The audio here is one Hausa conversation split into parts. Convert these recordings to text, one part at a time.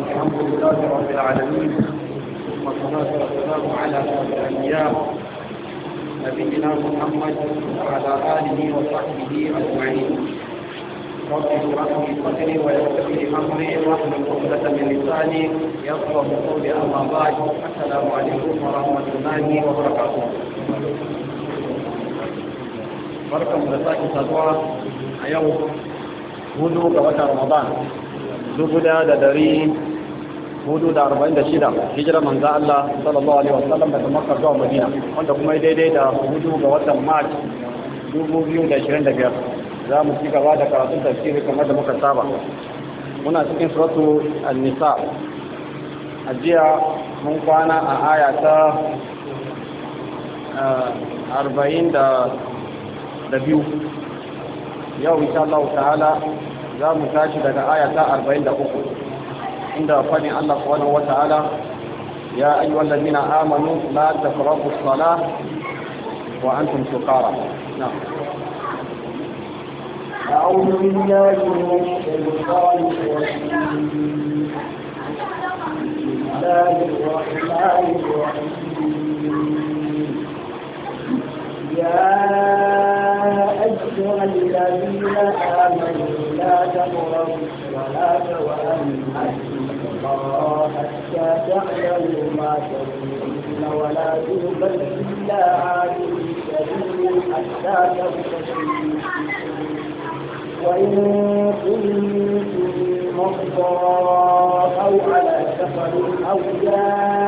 الحمد لله رب العالمين والصلاة والسلام على الأنبياء نبينا محمد وعلى آله وصحبه أجمعين رب اشرح لي صدري ويسر لي أمري واحلل عقدة من لساني يفقه قولي أما بعد السلام عليكم ورحمة الله وبركاته بركة من الله a yau hudu ga watan ramadan dubu da da dari hudu da arba'in da shida hijira manza Allah sallallahu alaihi wasallam daga makka zuwa madina wanda kuma ya daidai da hudu ga watan march dubu biyu da ashirin da biyar za mu ci gaba da karatun tafsiri kamar da muka saba muna cikin suratu an-nisa a jiya mun kwana a aya ta eh, arba'in da biyu yau insha Allah ta'ala za mu tashi daga aya ta 43 inda fadin Allah subhanahu wata'ala ya ayyuhal ladina amanu la taqrabu as-salah wa antum suqara na'am أعوذ بالله من الشيطان الرجيم بسم الله الرحمن الرحيم يا أيها الذين آمنوا أمرا ولا تولن أجل الله حتى تعلموا ما تقولون ولا يقبل إلا عادل سبيل حتى تغتسلوا وإن كنتم مرضى أو على سفر أو جاء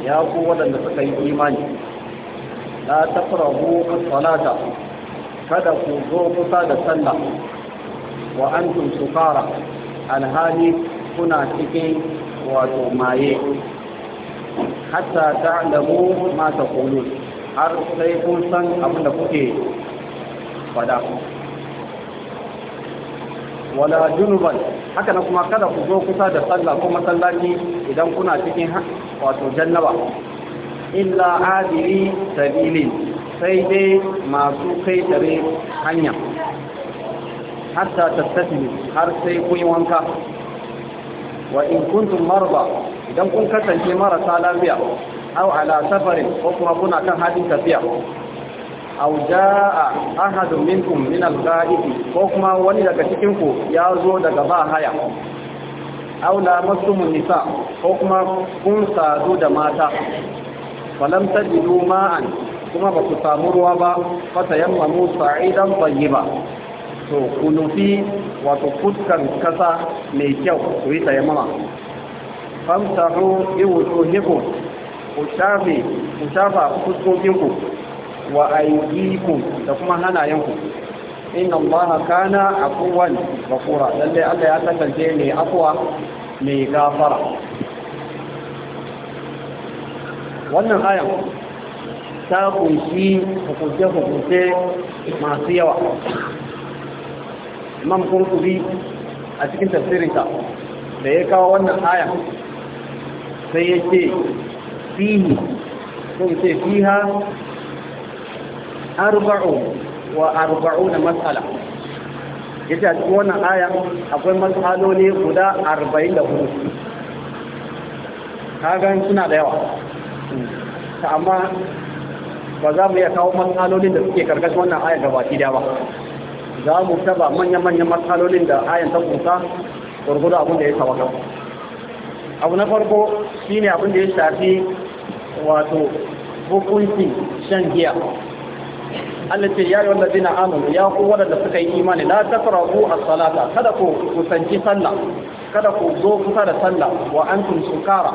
ya ku waɗanda suka yi imani la taqrabu as-salata kada ku zo kusa da sallah wa antum sukara alhali kuna cikin wato maye hatta ta lamu ma kulu har sai kun san abin da kuke fada wala junuban haka nan kuma kada ku zo kusa da sallah ko masallaci idan kuna cikin wato jannaba illa adiri sabilin sai dai masu kai tare hanya hatta tattasimi har sai kun yi wanka wa in kuntum marba idan kun kasance marasa lafiya aw ala safarin ko kuma kuna kan hadin tafiya aw jaa ahadun minkum min al ghaibi ko kuma wani daga cikin ku ya zo daga ba haya aw lamastum nisa ko kuma kun sadu da mata falam tajidu ma'an kuma ba ku samu ruwa ba fa tayammamu sa'idan tayyiba to ku nufi wato kuskan kasa mai kyau ku yi tayammama famsahu bi wujuhikum ku ku shafa fuskokinku wa ku da kuma hannayenku inna allaha kana afuwan bakura? lalle Allah ya kasance ne afwa mai gafara wannan ayan ta kunshi hukunce-hukunce masu yawa imam kurkubi a cikin tafsirinta da ya kawo wannan aya sai ya ce fihi sun ce ha? arba'u wa arba'u na matsala yace a cikin wannan aya akwai matsaloli guda arba'in da hudu kagan suna da yawa Ta amma ba za mu iya kawo matsalolin da suke karkashin wannan aya ki da ba za mu taba manya-manyan matsalolin da ayan ta kusa gurgudu abin da ya tawaka abu na farko shine abin da ya shafi wato hukunci shan giya Allah ce ya yawan lazina amanu ya ku waɗanda suka yi imani la taqrabu a salata kada ku kusanci sallah kada ku zo kusa da sallah wa antum sukara